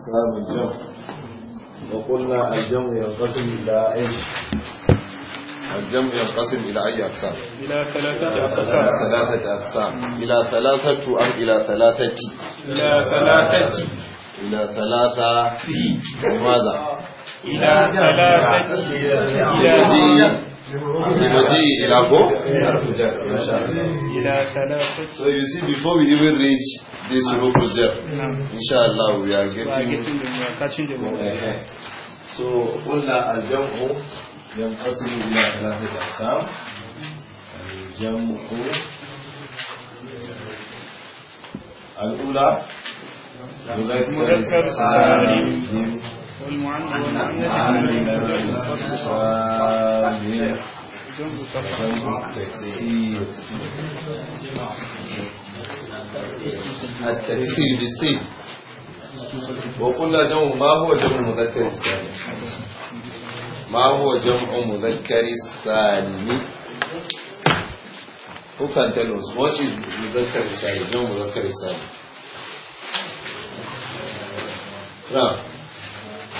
أصحاب الجمع وقلنا الجمع ينقسم إلى أي الجمع ينقسم إلى أي أقسام إلى ثلاثة أقسام إلى ثلاثة أقسام إلى ثلاثة أم إلى ثلاثة إلى ثلاثة إلى ثلاثة لماذا إلى ثلاثة إلى Bilozi Ilago? So you see, before we even reach this Rukuja, inshallah, we are getting. We are catching the word. Uh-huh. So, Ulla al-Jam'u yanqasimu ila thalathi al-aqsam. مذكر سالم والمعنى والمعنى التكسير بالسين وقلنا جمع ما هو جمع مذكر السالم ما هو جمع مذكر السالم Who can tell us what is مذكر السالم جمع مذكر السالم نعم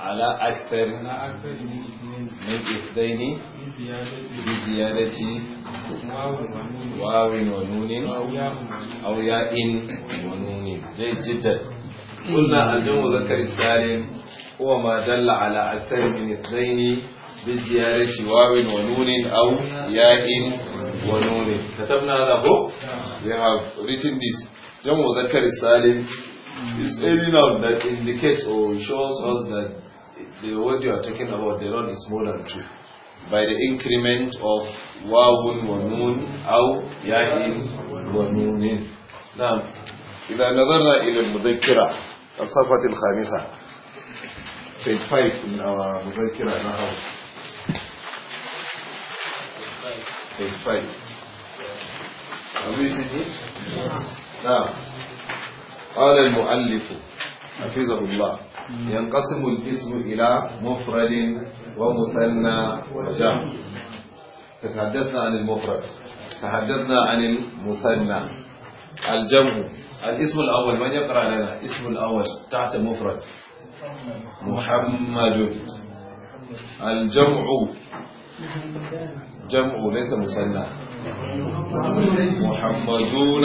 على أكثر من إثنين بزيادة واو ونون أو ياء ونون جيد جدا قلنا الجمع ذكر السالم هو ما دل على أكثر من اثنين بزيادة واو ونون أو ياء ونون كتبنا له we have written this جمع ذكر السالم It's airing eh, out that indicates or shows us that the, what you are talking about, the run is more than two. By the increment of wawun wanun nun, aw ya'in wa nunin. Now, إذا نظرنا إلى المذكرة الصفحة الخامسة page 5 من our مذكرة نحو page 5 Have you seen it? Now, قال المؤلف حفظه الله ينقسم الاسم إلى مفرد ومثنى وجمع تحدثنا عن المفرد تحدثنا عن المثنى الجمع الاسم الأول من يقرأ لنا اسم الأول تحت المفرد محمد الجمع جمع ليس مثنى محمدون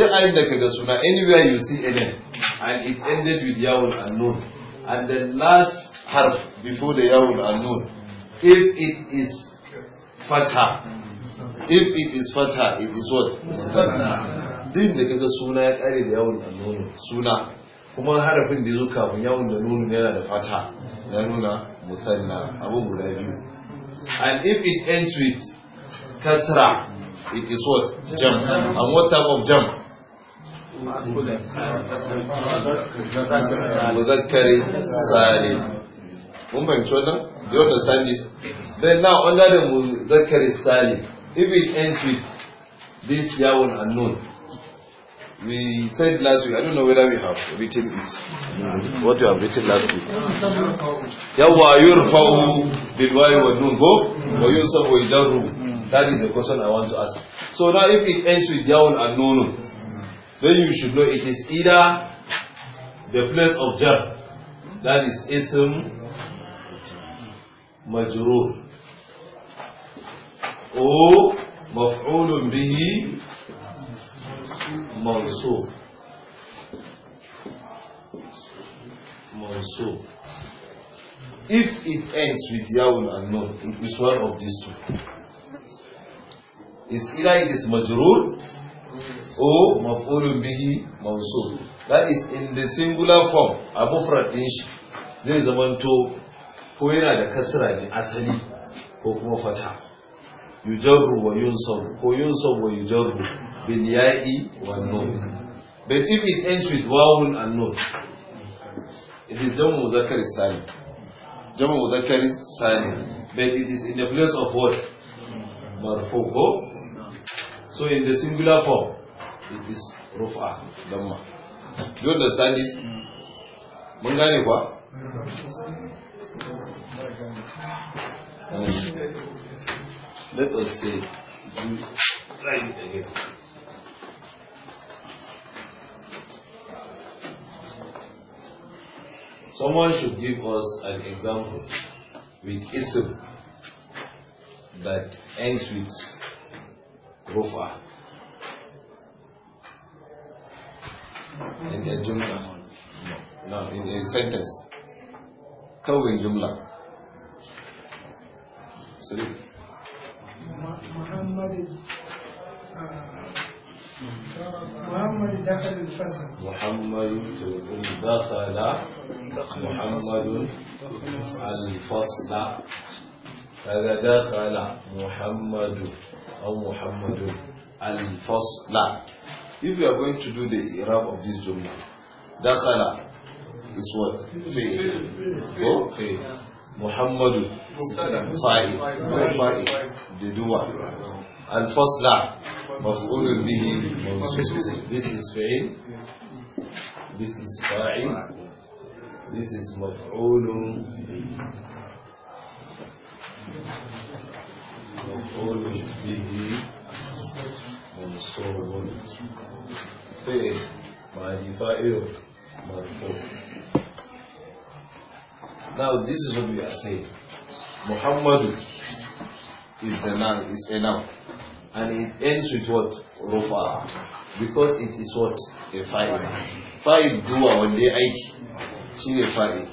duk ayin da kaga suna anywhere you see a name and it ended with yawon unknown and the last harf before the yawon unknown if it is fatha if it is fatha it is what din da kaga suna ya kare da yawon unknown suna kuma harafin da zo kafin yawon da nono yana da fata ya nuna musanna abin guda biyu and if it ends with kasra it is what jam and what type of jam muzakkari salim mun fahimci wannan you understand this? then now under the muzakkari salim if it ends with this yawon unknown we said last week i don't know whether we have written it what you have written last week yawa yurfa'u bil wayi wa nun go wa yusab wa that is the question i want to ask so now if it ends with yawon unknown then you should know it is either the place of jar, that is ism majrur, or maf'ul bihi mansub. Mansub. If it ends with yaun and nun, it is one of these two. It's either it is majrur that is in the singular form a mufrad din shi zai zamanto ko yana da kasra ne asali ko kuma fata yujarru wa ko wa but if it ends with wawun and nun it is jamu muzakkar salim jamu muzakkar salim but it is in the place of what marfu so in the singular form with this rufa damma do you understand this mun um, let us say you try it again Someone should give us an example with ism that ends with rufa. in a jumla no in a sentence kawai jumla sai muhammad محمد دخل الفصل محمد دخل محمد الفصل دخل محمد محمد الفصل If you are going to do the Iraq of this Jumla, Dakhala is what? Fail. Go? Fail. Muhammadu. Fa'il. No fa'il. They do what? Al-Fasla. Maf'ulun bihi. This is fa'il. This is fa'il. This is maf'ulun مفعول به on the soul of women, fitted by the fa'il, by the Now, this is what we are saying. Muhammad is the noun, is enough, And it ends with what? Rufa. Because it is what? A fire. Fire duwa wanda ya aiki, shi ne fire.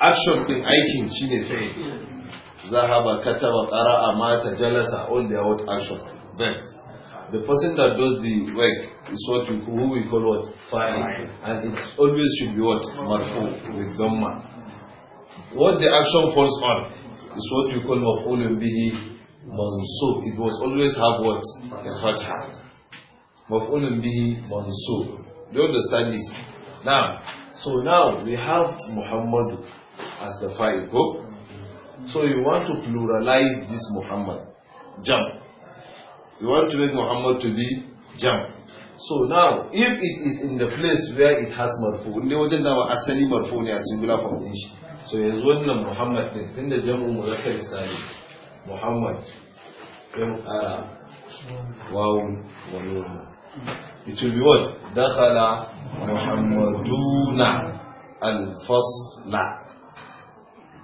Action in ɗin aikin shi ne fa'il. Zahaba, kataba, ƙara'a, mata, jalasa, all their what action. Then. The person that does the work is what we, who we call what? Fine. And it always should be what? Marfu with Dhamma. What the action falls on is what we call maf'ulun bihi So It was always have what? A fatha. Maf'ulun bihi mansub. Do you understand this? Now, so now we have Muhammad as the file. Go. So you want to pluralize this Muhammad. Jump. You want to make Muhammad to be jam. So now, if it is in the place where it has marfu, not wajen dama asali marfu ne a singular form So shi. So yanzu wannan Muhammad din tunda jam'u muzakkar sani Muhammad dan ara wawu wa nunu. It will be what? Dakhala Muhammaduna al-fasla.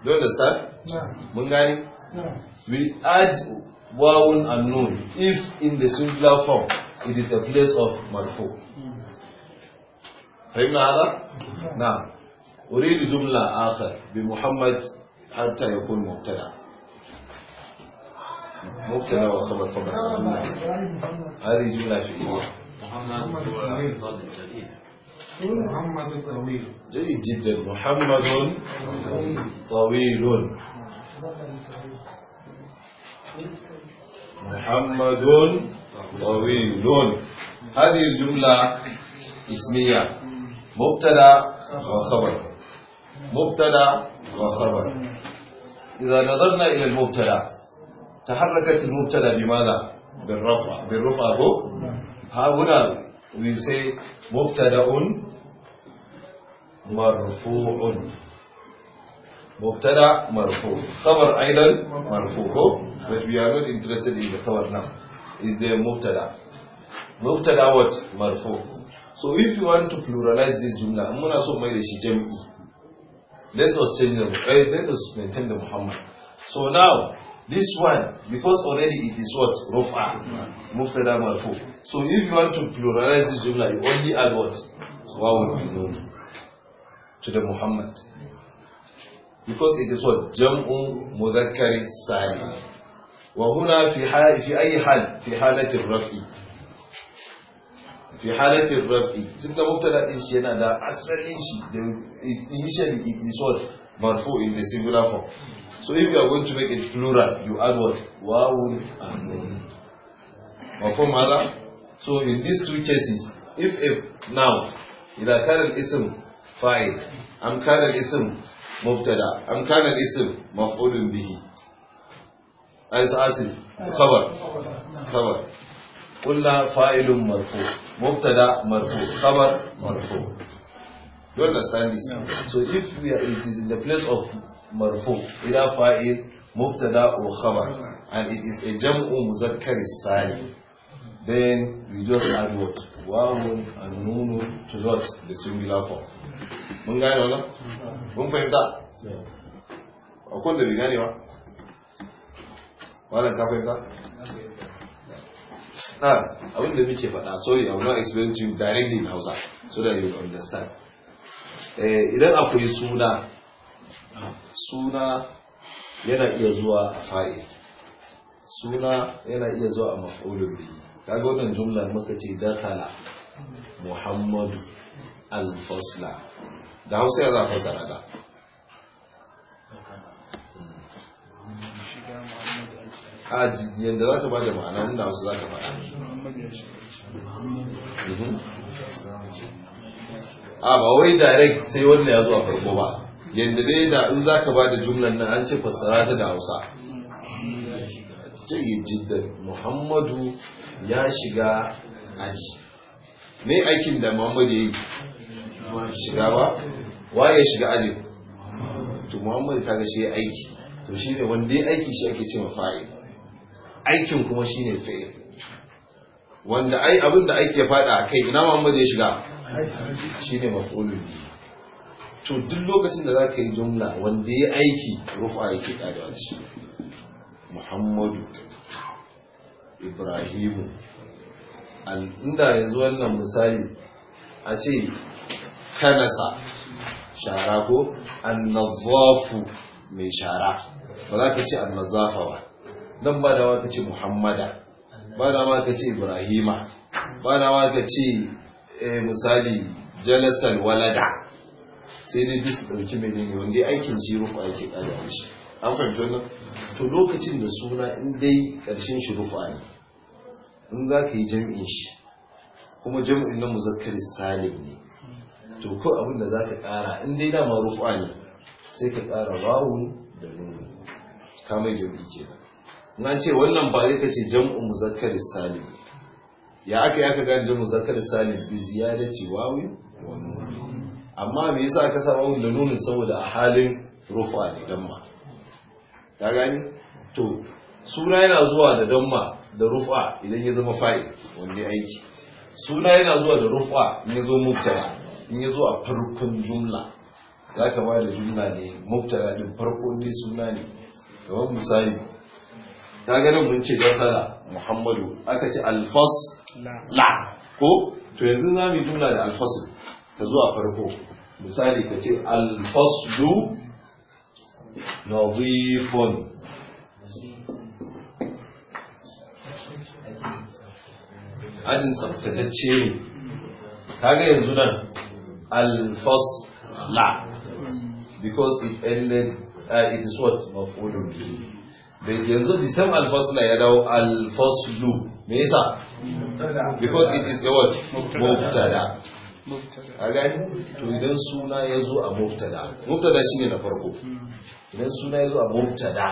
Do you understand? Yeah. Mun gani? Yeah. We add واون and nun, if in the singular form, it is a place of marfu. فهمنا هذا؟ نعم أريد جملة آخر بمحمد حتى يكون مبتدع مبتدع وخبر خبر هذه جملة شكلية محمد جديد محمد طويل جيد جدا محمد طويل محمد طويل هذه الجملة اسمية مبتدا وخبر مبتدا وخبر إذا نظرنا إلى المبتدا تحركت المبتدا بماذا؟ بالرفع بالرفع هو ها هنا we say مبتدا مرفوع مبتدا مرفوع خبر ايضا مرفوع but we are not interested in the خبر now is the مبتدا مبتدا what مرفوع so if you want to pluralize this jumla muna so mai da shi jam'i let us change the uh, let us maintain the muhammad so now this one because already it is what rufa mubtada marfu so if you want to pluralize this jumla you only add what wow to the muhammad because it is what jam'u mudhakkar salim wa huna fi hal fi ayi hal fi halati rafi fi halati rafi tunda mubtada din shi yana da asalin shi initially it is what marfu in the singular form so if you are going to make it plural you add what wawun and nun mafhum hada so in these two cases if a noun إذا كان الاسم am أم كان الاسم mubtada an kana isim maf'ulun bihi ay sa'asil khabar khabar qulna fa'ilun marfu mubtada marfu khabar marfu you understand so if we are it is in the place of marfu ila fa'il mubtada wa khabar and it is a jam'u muzakkar salim then we just add what wawun annunu to lot the singular form mun gane wannan mun fahimta akwai da bi gane ba wannan ka fahimta A abin da muke faɗa sorry i will not explain to you directly in Hausa so that you will understand eh, idan akwai suna suna yana iya zuwa a fa'il suna yana iya zuwa a maf'ulun bihi kaga wannan jumla muka ce kala muhammadu al-fasla da hausa ya za fasara da a yadda za ta ba da ma'ana inda wasu za ka faɗa mhm. a ba wai direct sai wannan ya zuwa farko ba yadda dai da in za ka ba da jumlan nan an ce fasara ta da hausa Ta yi jiddar muhammadu ya shiga aji me aikin da muhammadu ya yi shiga ba wa ya shiga aji to muhammadu ta shi ya aiki to shi ne wanda ya aiki shi ake cewa fa'il aikin kuma shi ne fa’i wanda abin da aiki ya fada kai ina muhammadu ya shiga shi ne mafulun to duk lokacin da za ka yi jumla wanda ya aiki rufa ya ke da shi muhammadu ibrahimu inda yanzu wannan misali a ce kanasa shara ko annazafu mai shara ba za ka ce annazafa ba nan ba da ka ce muhammada ba da ka ce ibrahima ba da ka ce eh, misali jalasal walada sai dai duk su ɗauki mai ne wanda aikin shi rufa aikin ƙada shi an fahimci wannan to lokacin da suna in dai ƙarshen shi rufa ne in za ka yi jam'in shi kuma jam'in na muzakkar salim ne to ko abin da za ka ƙara in dai dama rufa ne sai ka ƙara bawun da nuni ka mai jam'i ke na ce wannan ba zai ka ce jam'in muzakkar salim ya aka yi aka gane jam'in muzakkari salim bi ziyadati wawu wa nuni amma me yasa ka sa bawun da nunin saboda a halin rufa ne damma Ta gani to suna yana zuwa da damma da rufa idan ya zama fa'il wanda aiki suna yana zuwa da rufa in ya zo muktara in ya zo a farkon jumla za ka ba da jumla ne muktara din farko dai suna ne kamar misali ta ganin mun ce dakala muhammadu aka ce alfas la ko to yanzu za mu jumla da alfasu ta zuwa farko misali ka ce alfaslu nadifun ajin tsaftatacce ne kaga yanzu nan al-fasla because it ended uh, it is what of maf'ulun da yanzu the same al-fasla ya dawo al-faslu me yasa because it is a what mubtada a gani to idan suna ya zo a mubtada mubtada shine na farko idan suna ya zo a mubtada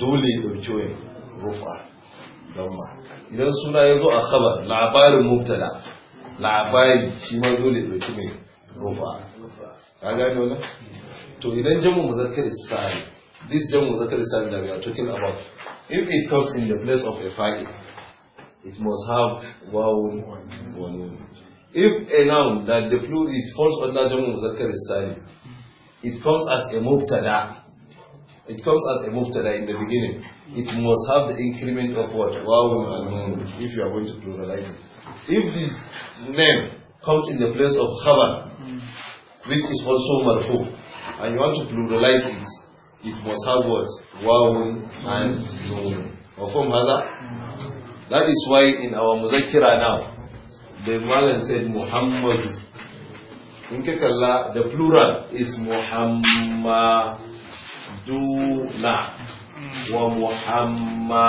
dole ya dauki wayan rufa don ma idan suna ya zo a khabar labarin mubtada labari shi ma dole ɗauki mai rufa ka gane wannan to idan jamu muzakkar sa'id this jamu muzakkar sa'id that we are talking about if it comes in the place of a fa'il it must have waw wa nun if a noun that the plural it falls under jamu muzakkar sa'id it comes as a mubtada it comes as a muftada in the beginning. It must have the increment of what? Wawun and if you are going to pluralize it. If this name comes in the place of khabar, which is also marfu, and you want to pluralize it, it must have what? Wawun and nun. Mafum haza? That is why in our muzakkira now, the Malan said Muhammad. In Kekala, the plural is Muhammad. Mm. Muhammadina. ومحمدين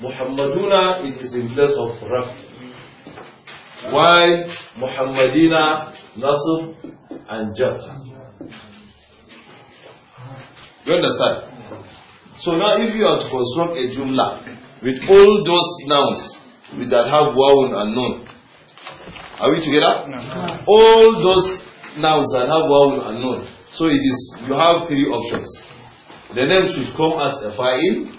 Muhammaduna it is in place of Raf. Why Muhammadina, Nasr and Jar. You understand? So now if you are to construct a Jumla with all those nouns with that have Wawun and Nun, are we together? No. All those now that have wawun and nun. So it is, you have three options. The name should come as a fa'il,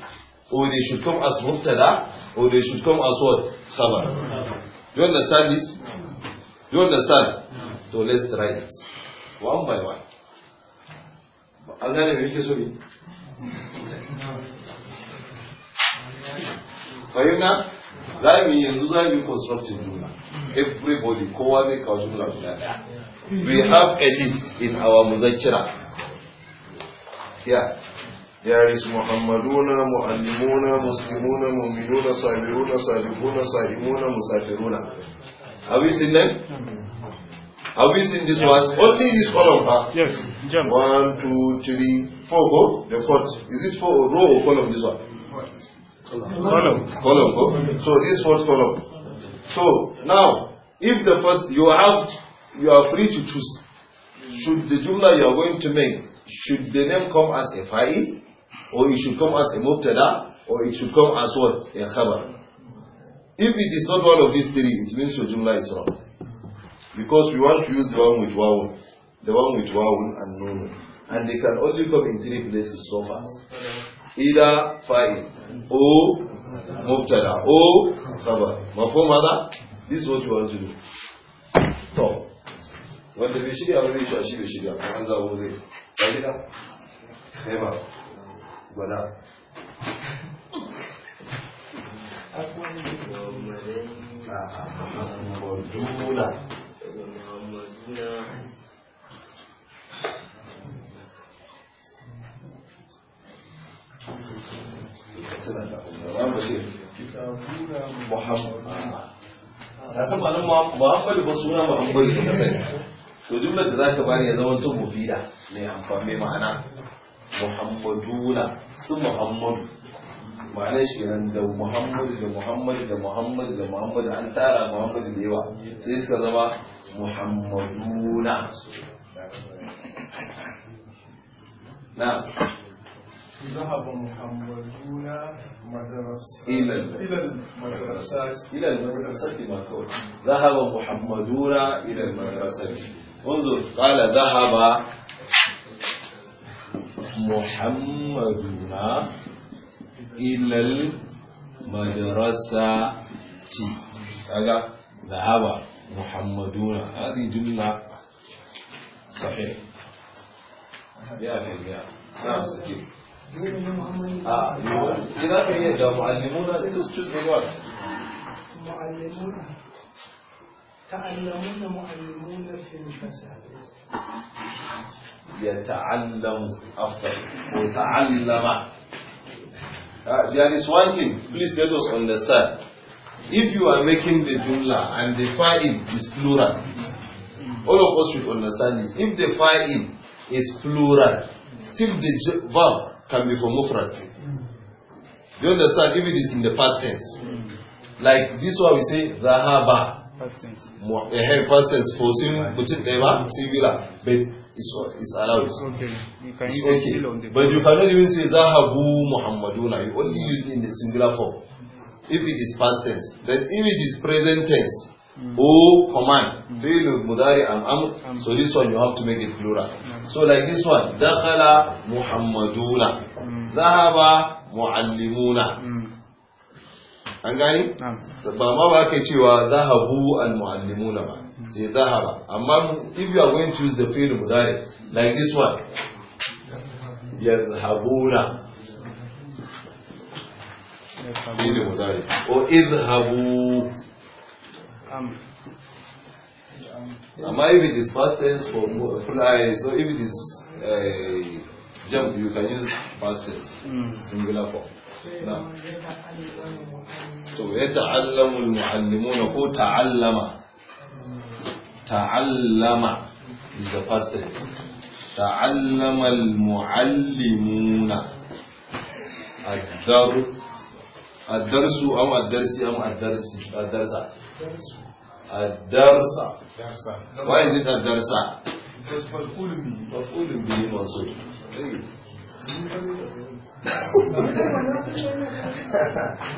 or they should come as mubtada, or they should come as what? Khabar. Do you understand this? Do you understand? So let's try it. One by one. an gane me yake so ne you za mu yanzu za mu yi constructing juna everybody kowa zai kawo jumla we have a list in our Muzakkira. Yeah. There is Muhammaduna, Muallimuna, Muslimuna, Muminuna, Sabiruna, Sabihuna, Saimuna, Musafiruna. Have you seen them? Have you seen this one? Only this column, huh? Yes. One, two, three, four. Go. The fourth. Is it four row or column? This one. Column. Column. Column. Go. So this fourth column. So now, if the first you have you are free to choose. Should the jumla you are going to make, should the name come as a fa'il, or it should come as a mubtada, or it should come as what? A khabar. If it is not one of these three, it means your jumla is wrong. Because we want to use the one with wawun, the one with wawun and nun. And they can only come in three places so far. Either fa'il, or mubtada, or khabar. Mafhum mother? This is what you want to do. So, wanda bai shirya ba zai ci a shi bai shirya ba an zabo zai ba gida ne ba gwada Muhammaduna Muhammad. Ta san ba nan Muhammadu ba suna Muhammadu ne na sani. to jumlar da zaka bari ya zama to mufida mai amfani ma'ana muhammaduna su muhammadu ma'ana shi nan da muhammadu da muhammadu da muhammadu da muhammadu an tara muhammadu da yawa sai suka zama muhammaduna na ذهب محمدون مدرسة إلى المدرسة إلى المدرسة ما كون ذهب محمدون إلى المدرسة انظر قال ذهب محمد إلى المدرسة ذهب محمدون هذه جملة صحيح يا أخي يا نعم سجل آه إذا هي معلمون تسجل بالوقت معلمون يتعلمون معلمون في الفساد يتعلم أفضل وتعلم. uh, there is one thing please let us understand if you are making the jumla and the fa'il is plural all of us should understand this if the fa'il is plural still the verb can be for mufrad you understand if it is in the past tense like this one we say ذهب eh first sense for sin mutum ɗaya ba singular but it's, it's allowed it's okay you can it's okay. the but you cannot even say zahabu muhammaduna you only use in the singular form if it is past tense then if it is present tense mm. or oh, command fi'l mm. mudari am amr so this one you have to make it plural so like this one dakhala muhammaduna mm. Zahaba muallimuna mm. an gani ba ma ba ka cewa zahabu al-muallimuna ba sai zahaba amma if you are going to use the fi'l mudari like this one yazhabuna fi'l mudari or idhabu amma if it is past tense for fly so if it is uh, jump you can use past tense hmm. singular form to ya ta'allamu almuallimuna ko ta'allama ta'allama is the past tense ta'allama almuallimuna ad-daru ad-darsu aw ad-darsi aw ad-darsi ad-darsa ad-darsa why is it ad-darsa because maf'ul bihi maf'ul bihi mansub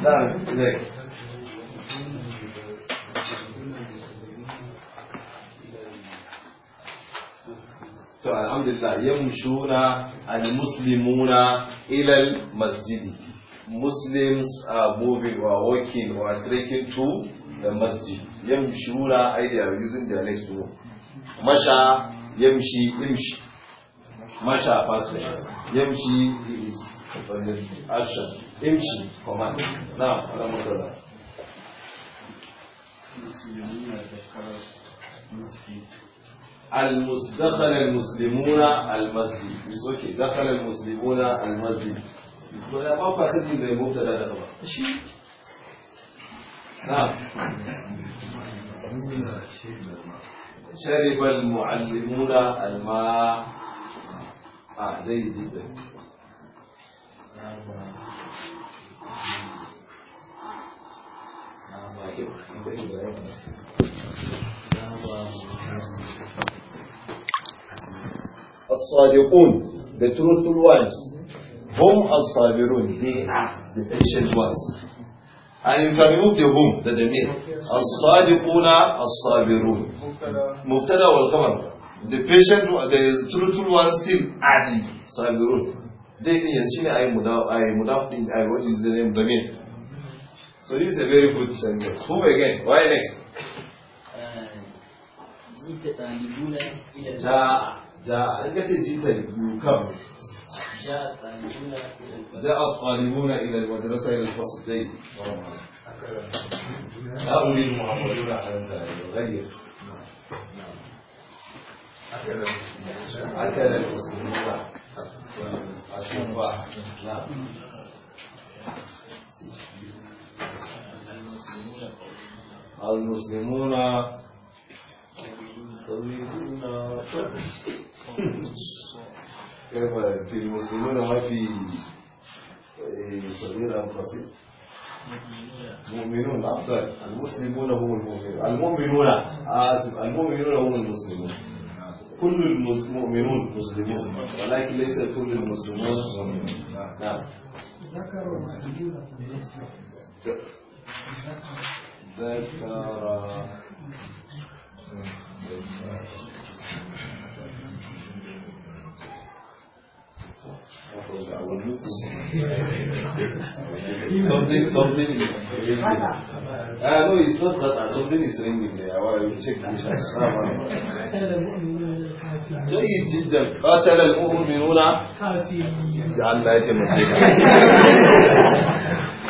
Dale, direct. to alhamdulillah al almuslimuna ilal almasjid muslims are moving or walking or trekking to the masjid yamshuna i they are using their legs to walk masha yamshi yamshi masha past tense yamshi is action امشي كمان نعم على مصدر المسدخل المسلمون المسجد it's okay دخل المسلمون المسجد ولا ما فاسدين زي مبتدا ده طبعا نعم شرب المعلمون الماء آه جيد جدا Thank you. the truthful ones هم الصابرون they are the patient ones and you can remove the whom the damir الصادقون الصابرون مبتدا والخبر the patient the truthful one still and صابرون they shine ay what is the name So this is a very good sentence. Who again? Why next? جاء جاء أنت جئت يكم جاء الطالبون إلى المدرسة إلى الفصل جيد هؤلاء المعمدون على الغير أكل المسلمون الصباح نعم المسلمون طويلون كما في المسلمون ما في صغير أم قصير مؤمنون أفضل المسلمون هم المؤمنون المؤمنون آسف المؤمنون هم المسلمون كل المؤمنون مسلمون ولكن ليس كل المسلمون مؤمنون نعم ذكروا ما ذكر something جيد جدا قاتل المؤمنون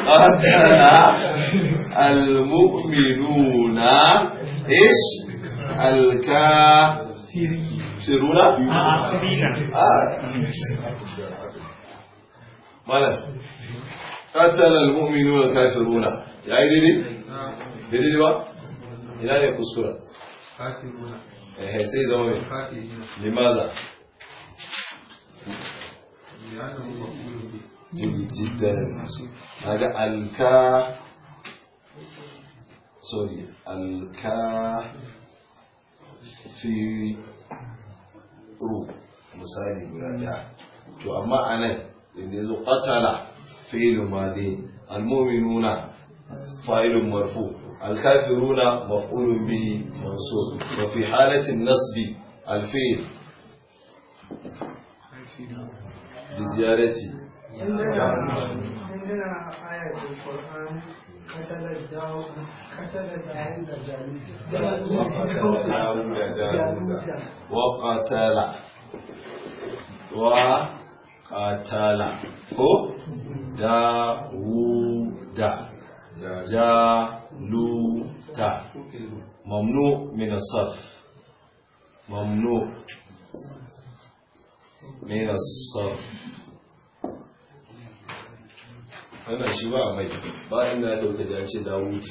قاتل المؤمنون إيش الكافرون آه. مالا قتل المؤمنون الكافرون يا ايدي دي دي دي با ina ne kuskura eh sai zama mai limaza jiddan aga alka sorry alkafiru misali guda daya to amma a nan inda zo qatala fi'il madi almu'minuna fa'ilun marfu alkafiruna maf'ulun bihi mansub wa fi halati an-nasb alfi'il بزيارتي عندنا آية القرآن قتل داود قتل داود وقتل وقتل داود جالوت ممنوع من الصرف ممنوع من الصرف ana shi ba a mai ba ya dauka da ce dawudi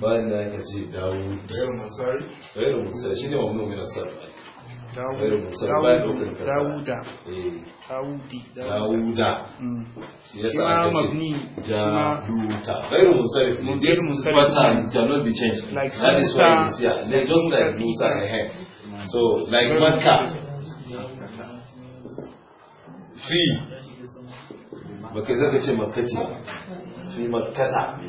ba inda ya ce dawudi bayan musari bayan musari shi ne wa mummin asar dawuda eh. dawuda mm. shi ya sa aka ce jaluta bayan musari what has cannot be changed that is why it is here they just like musa ahead mm. so fi ba kai zaka ce makkati fi makkata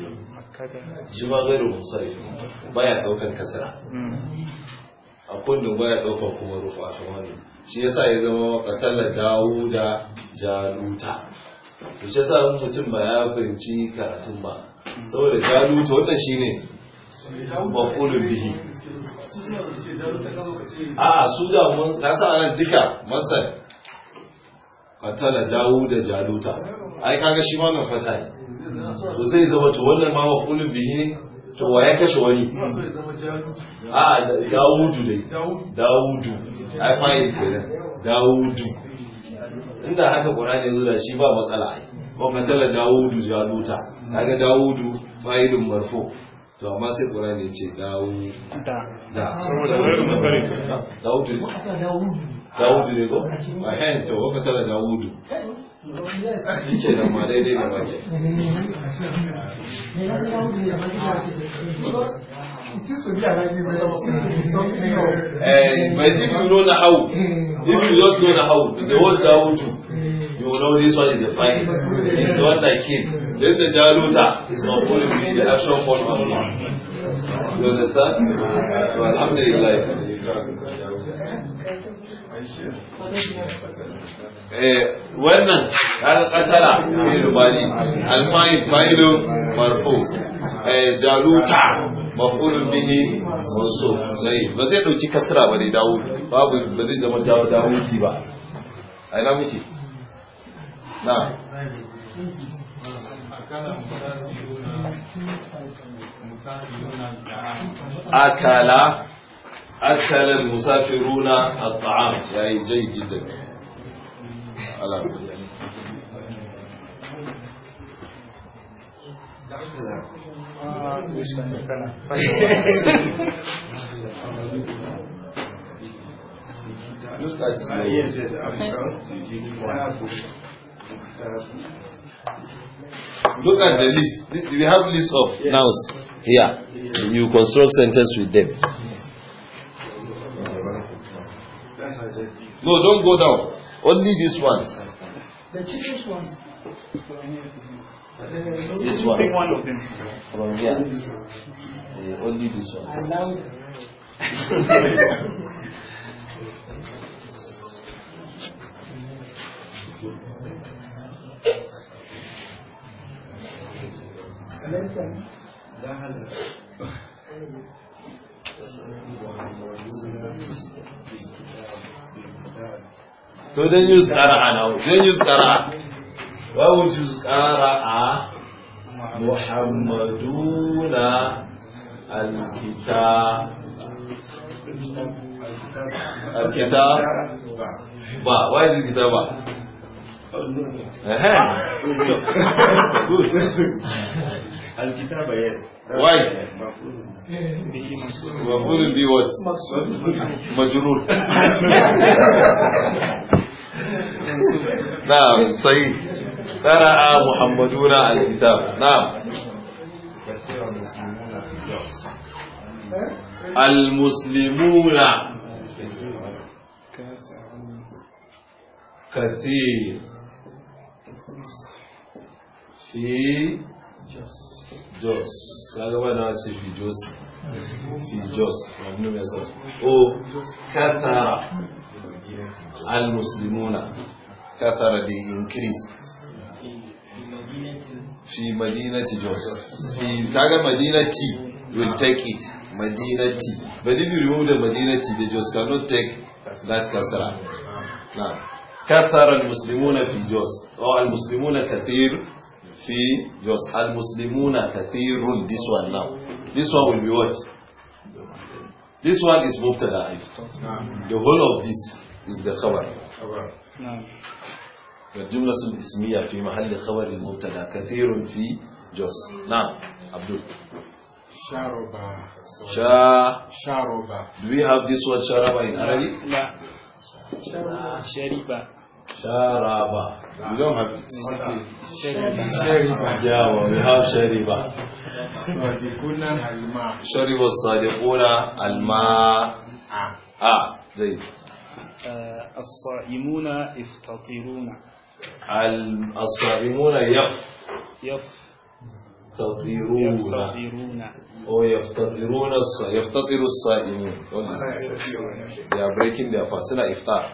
shi ma gairu ba baya daukan kasara a kundin baya daukan kuma rufa shi wani shi sa ya zama katalla dawo da jaluta ya shi yasa mutum ba ya fahimci karatun ba saboda jaluta shi ne makulun bihi a su da mun kasa anan duka masar fatala dawo da jaluta ai kaga shi ma mai fata ne to zai zama to wannan ma maqulun bihi ne to wa ya kashe wani a dawudu dai dawudu ai fa'il kenan dawudu inda haka qur'ani yanzu da shi ba matsala ai wa fatala dawudu jaluta kaga dawudu fa'ilun marfu to amma sai kura ne ce dawo da da ah. saboda gairu masarin dawudu ne dawudu ne ko a hen to ka tara dawo dawudu yake da ma daidai da wace Uh, but if you know the how, if you just know the how, the whole Dawudu, nobody the one that Then the Jaluta is not going to the actual form of You understand? So Alhamdulillah. wannan eh, alƙatala ilubali alfa'il fa'ilu marfu eh, jaluta ah. mafulun bihi mansub sai ba zai kasra ba dai dawo babu ba zai zama dawo dawo ba a نعم أكل أكل المسافرون الطعام يعني جيد جدا على Just like Look at the list. we have list of yeah. nouns here. Yeah. You construct sentence with them. No, don't go down. Only these ones. The cheapest ones. This one. one of them. From here. Yeah, only this one. So then use qara'a now. Then use qara'a. Why would use qara'a? muhammadun al-kitab. Al-kitab. Ba. Why is it kitab? Ba? Good. الكتاب يس واي مفعول به وات مجرور نعم صحيح قرأ محمدون الكتاب نعم المسلمون كثير في Jos kaga ba na ce fi Jos fi Jos abin mai sa o kathara al muslimuna kathara the increase fi madinati Jos fi kaga madinati will take it madinati but if you remove the madinati the Jos cannot take that kasra نعم كثر المسلمون في جوز أو المسلمون كثير fi just al muslimuna kathirun this one now this one will be what this one is mubtada the whole of this is the khabar الجملة الاسمية في محل خبر المبتدا كثير في جوز نعم عبدul Sharoba. Sha. Sharoba. Do we have this word Sharoba in Arabic? La. Shariba. Sharaba. You don't have it. Shariba. Yeah, well, we have Shariba. Shariba Sadiquna Alma. Ah, Zaid. الصائمون يفطرون الصائمون يف يف يفطرون يفطرون او يفطرون يفطر الصائمين they are breaking their fast suna iftar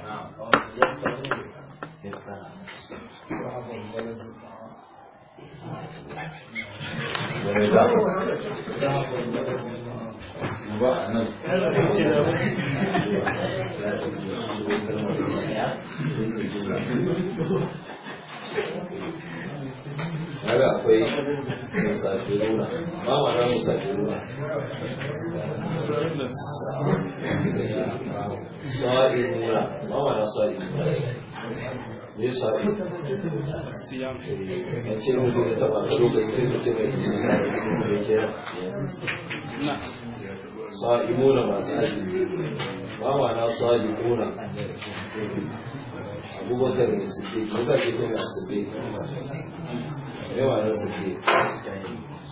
Kaga akwai da ya ta lokaci sai mace mai kuma sa sa'imuna masu azumi ba na sa'imuna abubakar ne yawa na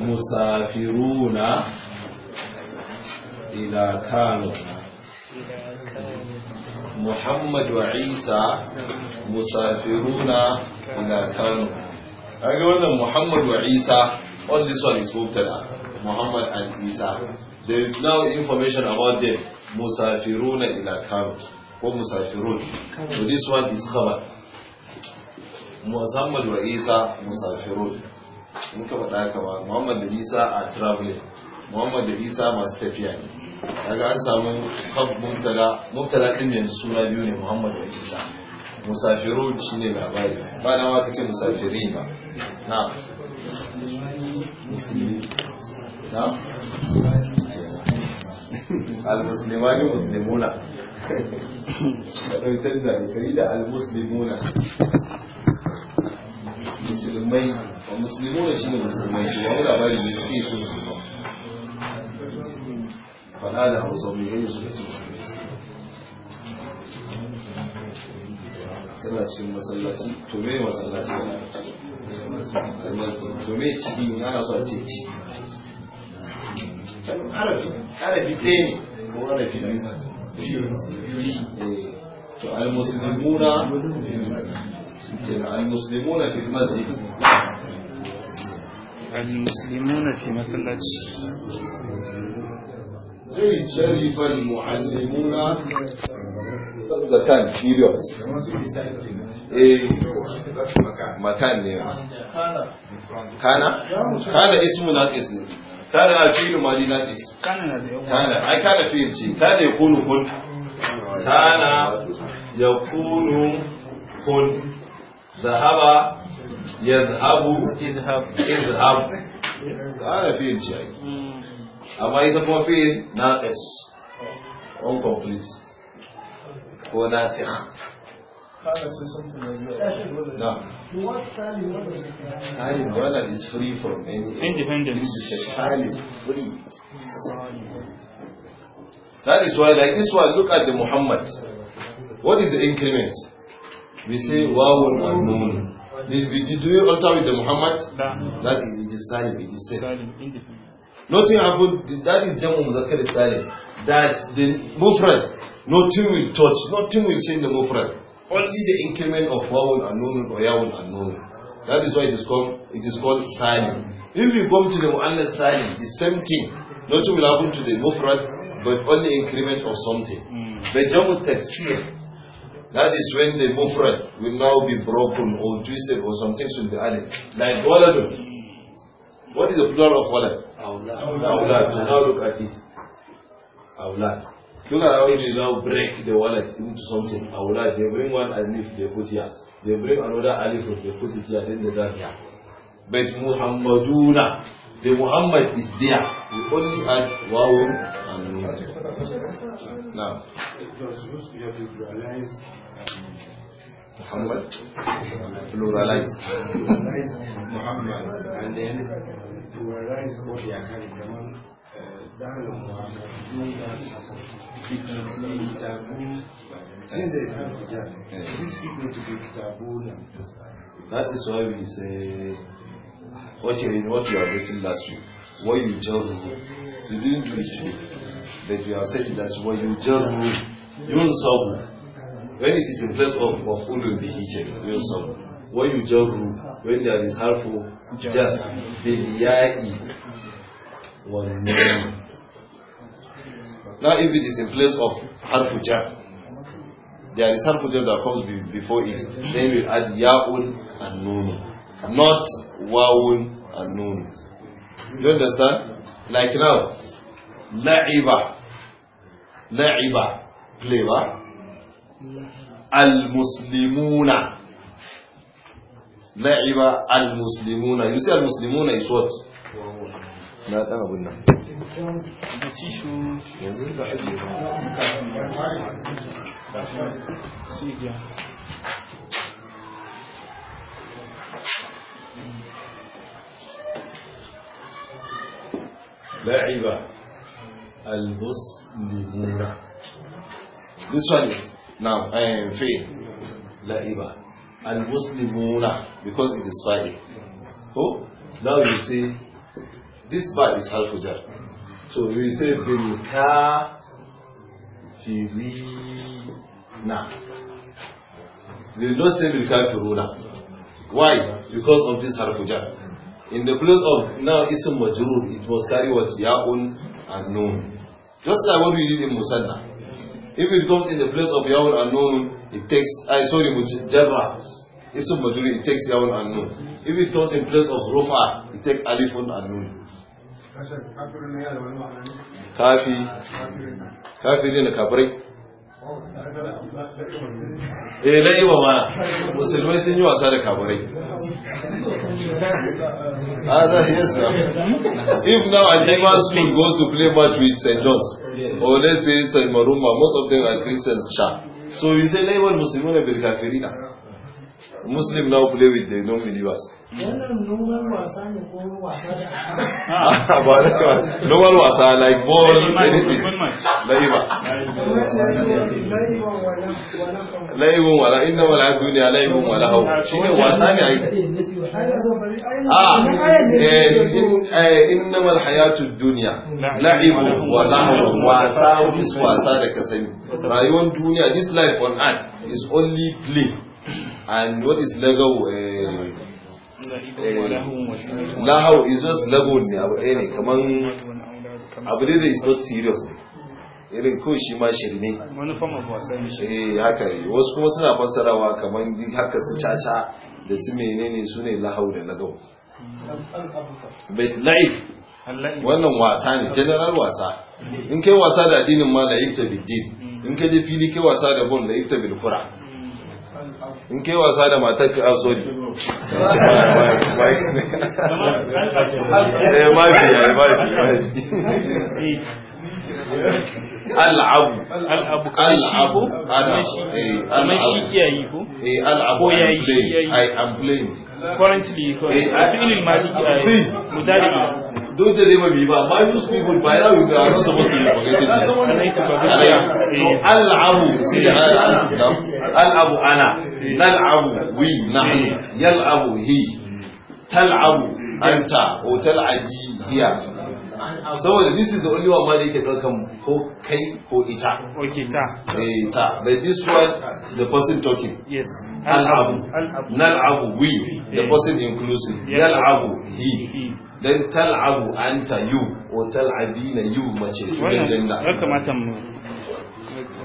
musafiruna ila kano muhammad musafiruna ila kano aga wannan all this one is mubtada muhammad and isa there is now information about them musafiruna ila ko musafirun so this one is khabar muhammad wa isa musafirun in ka faɗa ka ba muhammad da isa a traveling muhammad da isa masu tafiya ne daga an samu mubtala mubtala ɗin yanzu suna biyu ne muhammad da isa musafiru shi ne labari ba na waka ce musafiri ba na na al-muslimani muslimuna ka ɗauki da ne da al-muslimuna musulmai musulmi ne shine musulmai shi wani labari ne suke so su ba faɗa da hausa mai yanzu suka ce musulmai suna cikin masallaci to me masallaci to me ciki ana so a ce ci arabi arabi ɗaya ne ko arabi biyu eh, to al-muslimuna kenan al masjid المسلمون في مسألة جيد شريف kun kana يذهب يذهب يذهب هذا فيه شيء أما إذا هو not as incomplete هو ناسخ No. Salim is free from any independence. Salim free. That is why, like this one, look at the Muhammad. What is the increment? We say Wawun and noon. Did, do you alter with the Muhammad? That is, it is salim, it is safe. Nothing happened, that is Jamu Muzakkar salim. That the Mufrad, nothing will touch, nothing will change the Mufrad. Only the increment of Wawun and or Yawun and That is why it is called, it is called salim. If you come to the Mu'annas salim, the same thing. Nothing will happen to the Mufrad, but only increment of something. Mm. But Jamu Tafsir, that is when the mufrad will now be broken or twisted or some things will be added. Like waladun. What is the plural of walad? Awlad. So now look at it. Awlad. Look at how they now break the wallet into something. Awlad. They bring one alif, they put here. They bring another alif, they put it here, then they done here. But Muhammaduna. The Muhammad is there. We only add wow and nun. Now. It was supposed to be realize Muhammad, pluralized. pluralize Muhammad, and then pluralize what they are carrying. Kaman, Muhammad, Since these people to be That is why we say what you what you have written last week, what you just you didn't do it today. That you have said it what you just yunsabu. When it is in place of of ulul bihi yunsabu. What you just when there is harmful just biliyai wa Now if it is in place of harful jar, there is harful jar that comes before it, then we add ya'un and nunu. not wawun and noon. You understand? Like now, la'iba, la'iba, play Al-Muslimuna. La'iba al-Muslimuna. You see al-Muslimuna is what? Na ɗan abin nan. Yanzu da ake لعب المسلمون This one is now um, La'iba لعب المسلمون because it is Friday. Oh, now you say this part is half jar. So you say Bilka firina. They don't say Bilka firuna. Why? Because of this harfuja. In the place of now ism majrur, it must carry what yaun and Just like what we did in Musanna. If it comes in the place of yaun and it takes I sorry jarra. Ism majrur, it takes yaun and If it comes in place of rufa, it takes alifun and noon. Kafi, in the kafirin. eh la'iba ma musulmai sun yi wasa da kaburai other ah, yes now if now a Iman school goes to play match with St. John's or let's say St. Marumba most of them are Christians sha so you say la'iba musulmai na bil kafirina Muslim now play with the non-believers. normal wasa ne ko wasa da ba da ah, normal wasa like ball anything laiba laibun wala inna wala duniya laibun wala hau shine wasa ne ai a ah, eh, eh, inna mal hayatu duniya laibun wala hau wasa wasa da ka sani rayuwar duniya this life on earth is only play and what is lagaw eh, eh, lahau is just lego ne abu ɗaya ne kaman abu ne da is not serious ne irin ko shi ma shirme manufan abu wasan shi eh haka ne wasu kuma suna fassarawa kamar haka su caca da su menene su ne lahau da lagaw bait la'if wannan wasa ne general wasa in kai wasa da addinin ma la ifta biddin in kai da fili kai wasa da bon la ifta bil qura in kai wasa da matar ka ah, sorry eh al'abu al'abu shi ko shi iyayi ko ko yayi shi currently fi'il al-madi mudari don't they never me but by those people by now you are not supposed to be forgetting this I need to forget so abu see Al-Abu ana Nal-Abu we Nahu hmm. Yal-Abu he Tal-Abu hmm. anta or Tal-Aji here saboda this is the only one ma da yake ɗaukan ko kai ko ita okay ta eh ta but this one the person talking yes al'abu nal'abu we the person inclusive yal'abu he then tal'abu anta you or na you mace sunan janda. ya kamata mu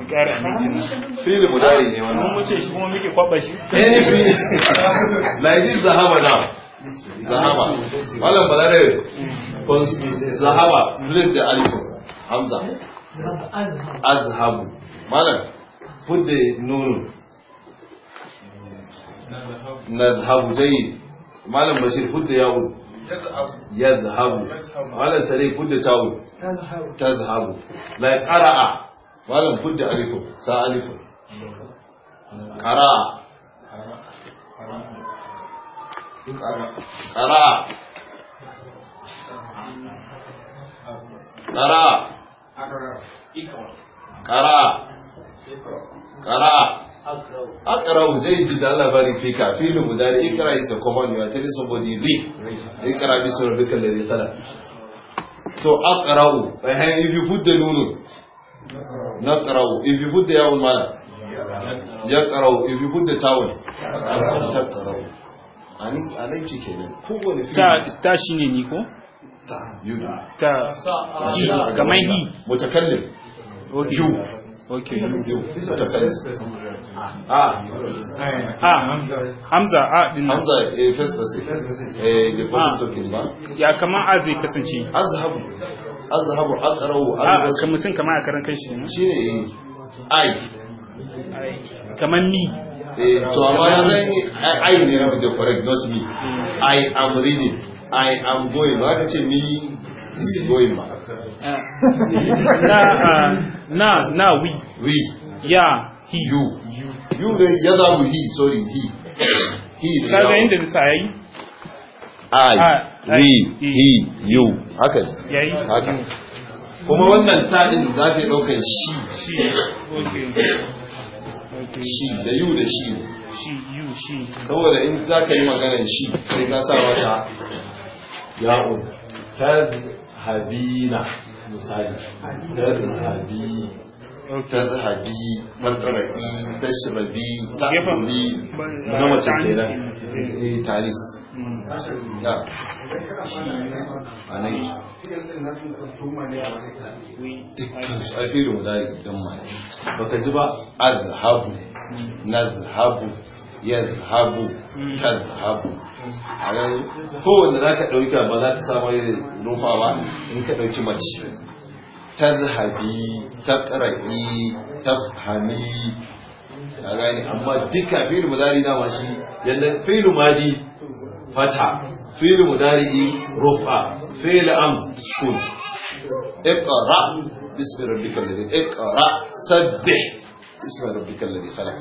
kare na. fili mudari ne wani mun wuce shi kuma muke kwaba shi eh like this zahaba now zahaba malam balarabe zahaba split da alifin hamza azhabu malam put the nun nadhabu zai malam bashir put the yawun yadhabu malam sare put the tawun tadhabu like qara'a malam put the alifin sa alifin qara'a قرأ قرأ قرأ قرأ Akara zai ji da you eh, if you put the nunu naqra'u if you put the ya umma yaqra'u if you put the tawun taqra'u aminci kenan kowane fili ta shine ni ko ta yuda ta kamar hi mutakallim yu yu ah. ah hamza a hamza ah, eh, first person eh, the person ah. talking ba ya kamar a zai kasance azhabu azhabu aqra'u albas kamar mutum kamar a karan kai shi ne ne eh, ai kamar ni so eh, amma yanzu san I ne na the correct not me hmm. I am reading I am going ba ka ce me is going ba na ah, na na we we yeah he you you you ne yadabu he sorry he he ga inda ni sai I, ah, we, he, you, haka ne, haka. Hmm. Kuma wannan taɗin za ta ɗaukar shi. Shi, shi da yu da shi saboda in za ka yi maganar shi sai ka sa mata ya'un tazhabina misali tazhabi tazhabi mataraki tashrabi ta'uli na mace kenan talis dukkansu ai fi'ilin mudari idan ma baka ji ba al-zahabu, azhabu zahabu yazhabu zahabu a yanzu kowanne za ka ɗauka ba za ka samu yin nufa ba in ka ɗauki mace tazhabi taqra'i tafhami ka gane amma duka fi'il mudari dama shi yanda fi'il madi فتحة فعل مضارع رفع فعل أمر سكون اقرأ باسم ربك الذي اقرأ سبح اسم ربك الذي خلق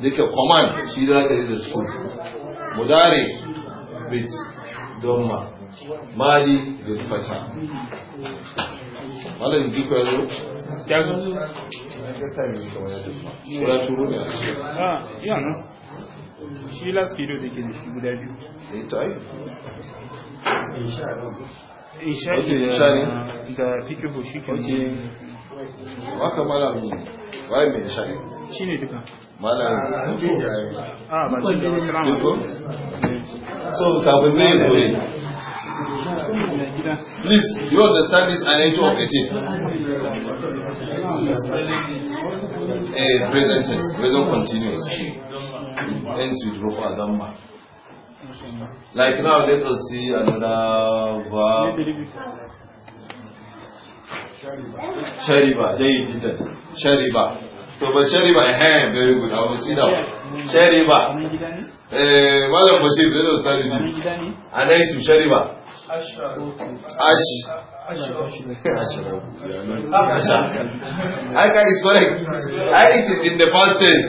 ذيك كمان شي ذاك مداري بيت دوما مالي بيت فتحة هذا يجيك يا زو يا زو ولا تقولون يا زو اه يعني shi last video da ke da shi guda biyu ita eh, ai insha insha ne da fikihu shi ke ne waka malam wai mai insha ne shi ne duka malam a ah, ba shi da wasu rama so kafin ne zo ne Please, you understand this anecdote of 18. Uh, eh, present it, present continuous. ends with rufa dhamma. Like now, let us see another verb. Shariba, there you did it. Chariba. So, but Shariba, hey, eh, eh, very good. I will see now. Shariba. Eh, Malam Bashir, let us start with you. And then to Shariba. Ash. Aka is correct. I think is in the past tense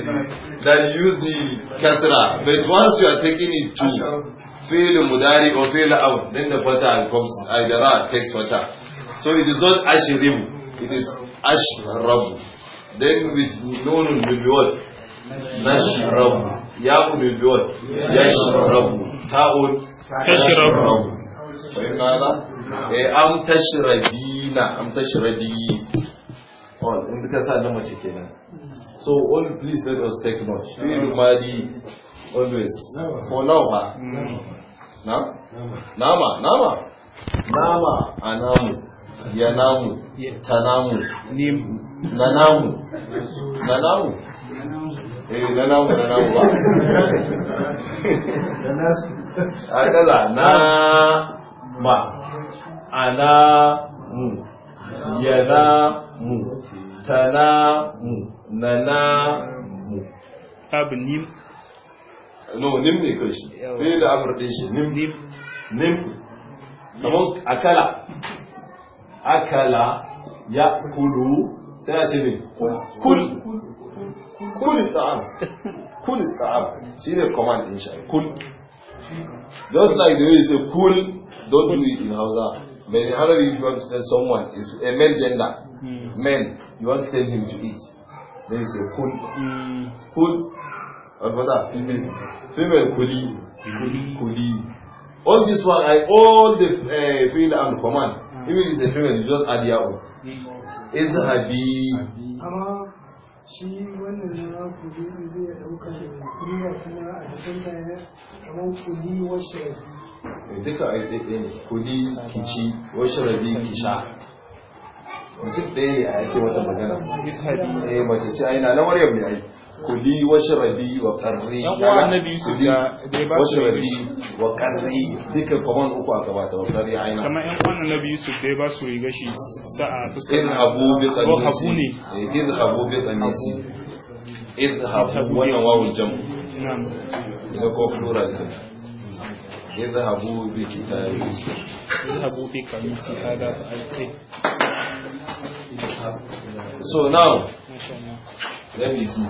that you use the kasra, but once you are taking it to fail mudari or fail out, then the fata comes, idara uh, takes fata. So it is not ashirim. it is ashrabu. Then with nonun will be what? Nashrabu. Yaku will be what? Yashrabu. Ta'un. Kashrabu. fahim na ba eh am tashrabina am tashrabi all in ka sa na mace kenan so all please let us take note fi'il madi always for now ha na nama nama nama anamu yanamu tanamu nim nanamu nanamu eh nanamu nanamu ba a kaza na ma ana mu yana mu tana mu nana mu abu nim no nim ne kai shi da shi nim nim nim kamar akala akala ya kulu sai a ce ne kul kul ta'am kul ta'am shi ne command din shi kul Just like the way you say cool, don't do it in Hausa. But in Arabic, if you want to tell someone, it's a male gender, mm. men, you want to tell him to eat. Then you say cool. Mm. Cool. What about that? Female. Female, kuli. Kuli. All this one, I, all the uh, field and command, hmm. even if it's a female, you just add your own. Is habi. Ah. shi wannan na kuli zai dauka da kuriya kuma a cikin ta kamar kuli washrabi eh, duka a dai dai ne kuli kici washrabi kisha mutum ɗaya ne a yake wata magana eh mace ce ai na lawar yau, ne ai kuli washrabi wa qarri wa qarri dukkan kaman uku a ba ta qarri aina kamar yan ba su riga shi sa'a fuskar in eh, bi qamisi in bi qamisi wannan da So now, let me see.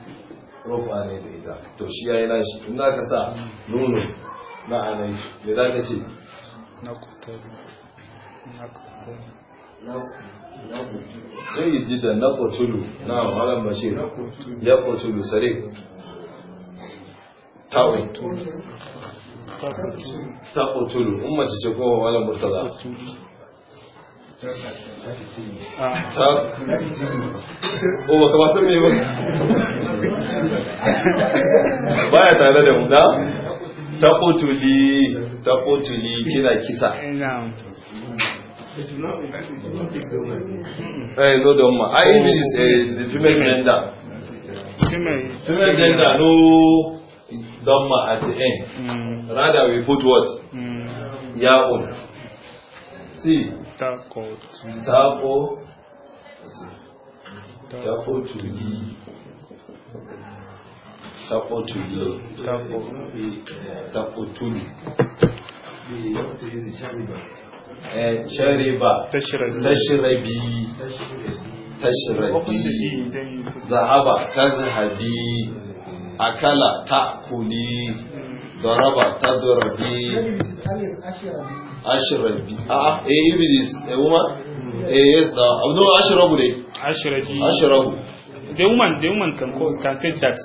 rufa ne da ita to shi yayi nashi in ka sa nuno na anai me za ka ce na kutabi na kutabi zai yi jida na kutulu na malam bashir ya kutulu sare tawai ta kutulu in mace ce kowa malam murtala ko baka ba ba tare da kina kisa eh no i is a eh, female gender female gender no at the end. Mm. Rather, we put what? Mm. Yaun. See, to tako takotugi to takotuni shariba tashirabi tashirabi zahaba tazhabi akala takuli ضرب تضربي ashirabi ah eh iblis a woman eh yes now no ashirabu dai ashirabi ashirabu the woman the woman can call, can say that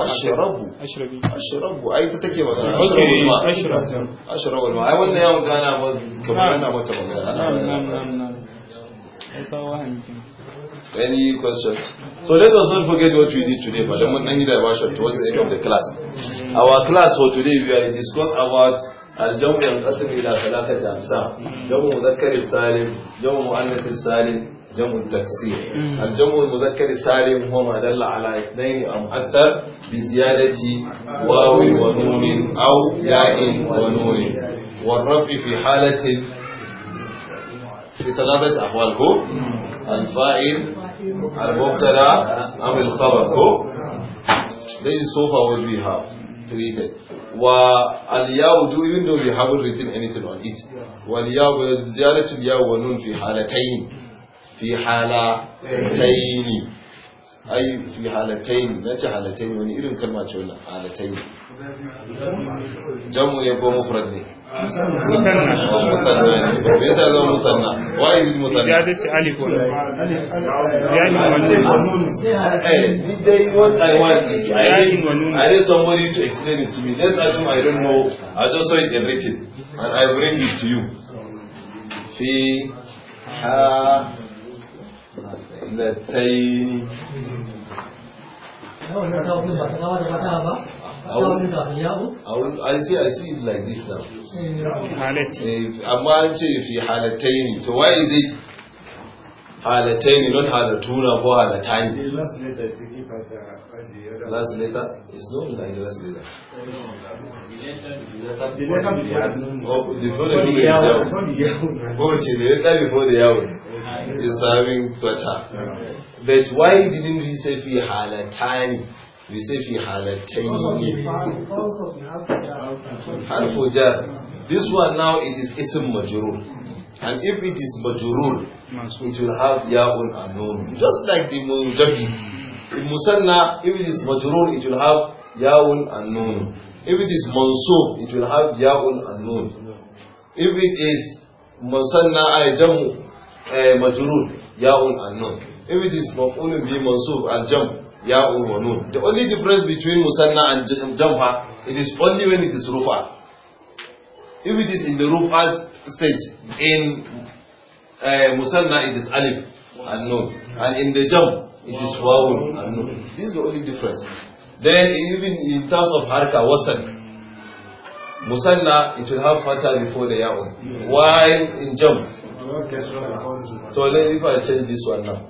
ashirabu ashirabi ashirabu ai ta take magana ashirabu ma ashirabu ma ai wannan ya magana ba kamar ana mata magana Any question? So let us not forget what we did today, but I'm not going to towards the end of the class. Our class for today, we are discuss about الجو ينقسم إلى ثلاثة أقسام جو مذكر السالم جو مؤنث السالم جمع التكسير الجمع المذكر السالم هو ما دل على اثنين أو أكثر بزيادة واو ونون أو ياء ونون والرفع في حالة في ثلاثة أحوال هو الفاعل المبتدا أم الخبر هو This is so far what we have. treated. Aliyahu, even though you haven't written anything on it, Aliyahu, the other Aliyahu were known fi halatayin. Fi halatayini. Ay, fi halatayini. Nature halatayini, when you hear him come jamu ne ko mufrad ne ne why is ya dace alif wa ya ni did they what i want is i i need somebody to explain it to me let's assume i don't know i just saw it in written and i bring it to you fi ha a wurin a wurin i see i see it like this now eh, amma an ce fi halattaini to why is it halattaini not halatuna ko halatani last letter is not like last letter oh, before the ruler itself oh the letter before the yawon is having twitter but why didn't he say fi halatani vis say vis halataini. Harfu jar. This one now it is ism majrur. And if it is majrur, it will have ya'un and nun. Just like the mujabbi. In musanna, if it is majrur, it will have ya'un and nun. If it is mansub, it will have ya'un and nun. If it is musanna ay eh, jamu eh, majrur, ya'un and nun. If it is maf'ulun bi mansub al eh, jamu ya umanun the only difference between musanna and jamha it is only when it is rufa if it is in the rufa stage in uh, musanna it is alif and nun and in the jam it is wawun and nun this is the only difference then even in terms of harka wasan musanna it will have fatah before the ya'un while in jam so let if i change this one now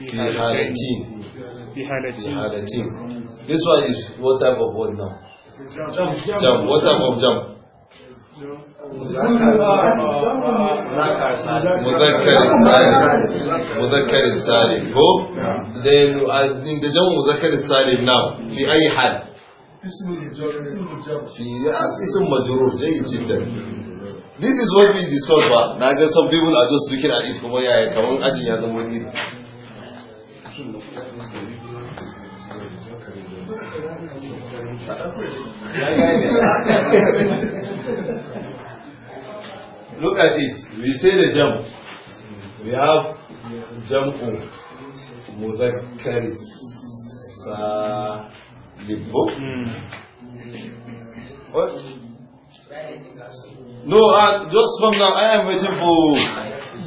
Bihalatin. Bihalatin. This one is what type of word now? Jump. Jump. What type of jump? Muzakkar Salim. Salim. Go. Then I in the jump Muzakkar Salim now. في أي حال. اسم جدا. This is what we discussed. Now, some people are just looking at it. Come on, yeah, come on, actually, yeah, Look at it. We say the jump. We have jump mudhakkaris salibu. What? No, I, ah, just from now I am waiting for.